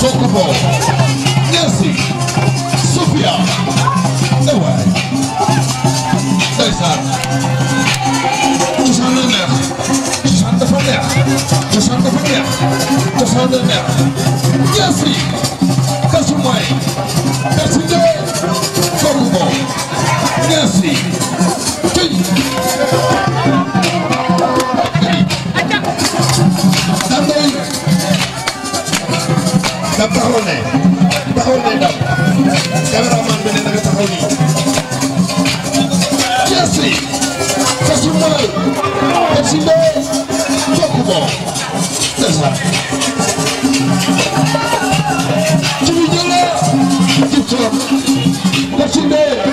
Chocobo, Nancy, Sophia, Neway, eh Ndeysaan. cosaan la neex cosaan dafa neex cosaan dafa neex cosaan la neex Nancy, Kasumay. ministre sasi mɔlɔ ye esi bɛ tɔku bɔ tɛsa tibijɛlɛ ti tɔ esi bɛ.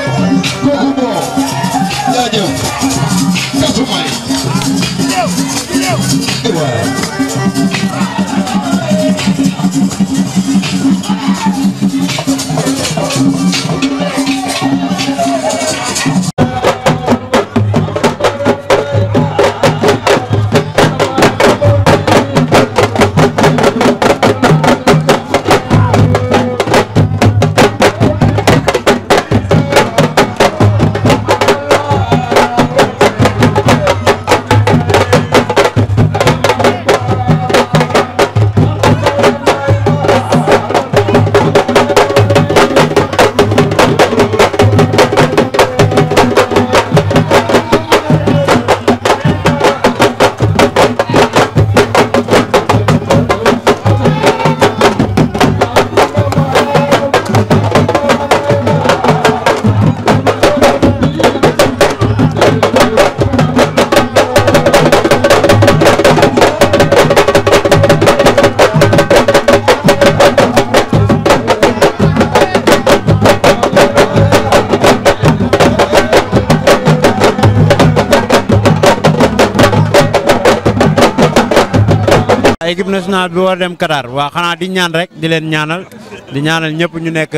waaw équipe nationale bi war dem Qatar waaw xanaa di ñaan rek di leen ñaanal di ñaanal ñëpp ñu nekk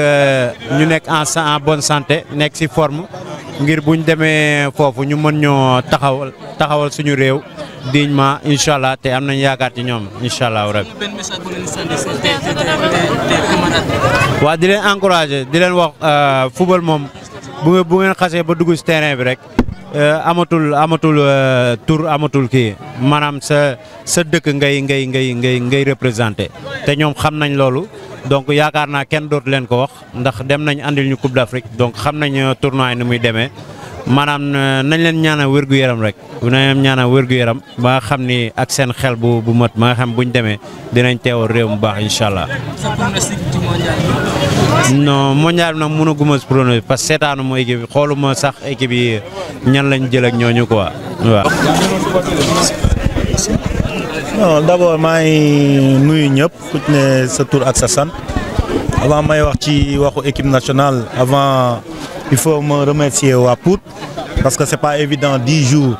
ñu nekk en en bonne santé nekk si forme ngir buñ demee foofu ñu mën ñoo taxawal taxawal suñu réew dignement incha allah te am nañ yaakaar ci ñoom incha allah rek. waaw di leen encouragé di leen wax euh, football moom bu ngeen bu ba dugg si terrain bi rek. Euh, amatul amatul euh, tour amatul kii maanaam sa sa dëkk ngay ngay ngay ngay ngay représenté te ñoom xam nañ loolu donc yaakaar naa kenn dootu leen ko wax ndax dem nañ andil ñu Coupe d'Afrique donc xam nañ euh, tournoi ni muy demee. maanaam euh, nañ leen ñaanal wér yaram rek nañ leen ñaanal wér yaram ba nga xam ni ak seen xel bu bu mat ba nga xam bu demee dinañ teewal réew mu baax incha allah. non mondial bi nag mënaguma pronostic parce que seetaanu ma équipe bi xooluma sax équipe yi ñan lañ jël ñooñu ko waaw. non d'abord nuyu ñëpp ku ne sa tur ak sa sant avant may wax ci waxu équipe nationale avant. il faut ma remercier waa Pout parce que c'est pas évident dix jours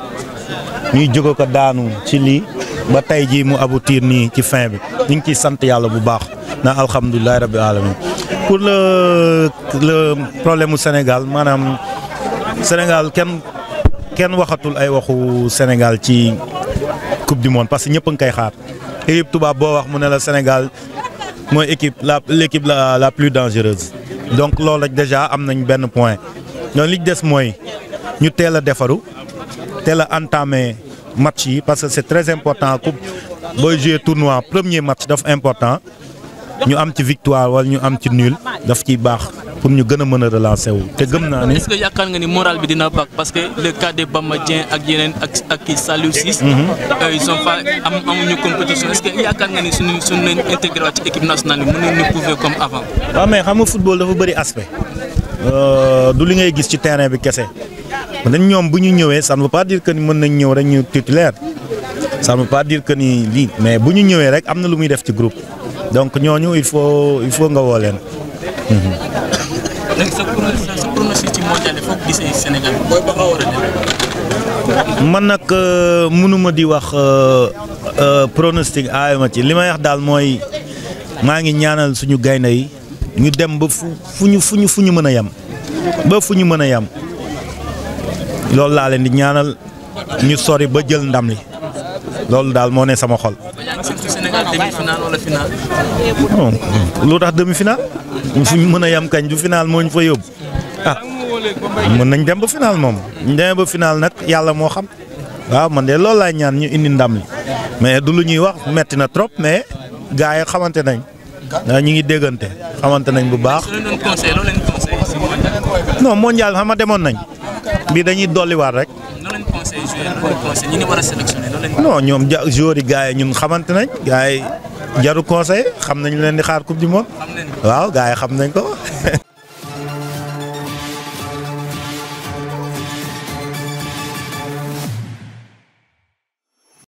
ñuy jóge ko daanu ci lii ba tey jii mu aboutir nii ci fin bi ñu ngi ciy sant yàlla bu baax na alhamdulilah rabbil alamin pour le problème mu Sénégal maanaam Sénégal kenn kenn waxatul ay waxu Sénégal ci coupe du monde parce que ñëpp a ngi koy xaar tubaab boo wax mu ne la Sénégal mooy équipe la l'équipe la la plus dangereuse. donc loolu rek déjà am nañu benn point donc li des mooy ñu teel a defaru teel a entamé match yi parce que c'est très important coupe booy jouer tournoi premier match dafa important ñu am ci victoire wala ñu am ci nul daf ciy baax. pour ñu gën a mën a relancer wu te gëm naa ni. est-ce que yaakaar nga ni moral bi dina baax parce que le cas de Bamba Dieng ak yeneen ak ak soo Saliou Ciss. Mhm. Euh, ils sont am amuñu compétition est yaakaar nga ni suñu suñu leen ci équipe nationale bi mënuñ ñu comme avant. waaw mais xam nga football dafa bëri aspect. Euh, du li ngay gis ci terrain bi kese. dañ ñoom bu ñu ñëwee ça ne veut pas que ni mën nañ ñëw rek ñu titulaire ça ne veut pas ni lii mais bu ñu ñëwee rek am na lu muy def ci groupe man nag euh, mënuma di wax euh, euh, pronostic aayuma ci li may wax daal mooy maa ngi ñaanal suñu gaynde yi ñu dem ba fu fu ñu fu ñu fu ñu mën a yem ba fu ñu mën a yem loolu laa leen di ñaanal ñu sori ba jël ndam li loolu daal moo ne sama xol. Sénégal demi-finale wala finale. tax demi-finale. fu ñu mën a yam kañ du finale moo ñu fa yóbbu. ah mën nañ dem ba finale moom. ñu demee ba finale nag yàlla moo xam. waaw man de loolu laay ñaan ñu indi ndam li. mais du lu ñuy wax metti na trop mais gars yi xamante nañ. ñu ngi déggante xamante nañ bu baax. non mondial xam nga demoon nañ. bii dañuy dolliwaat rek. non ñoom ja joueurs yi gars yi ñun xamante nañ gars yi jaru conseil xam nañ leen di xaar coupe du monde waaw gars yi xam nañ ko.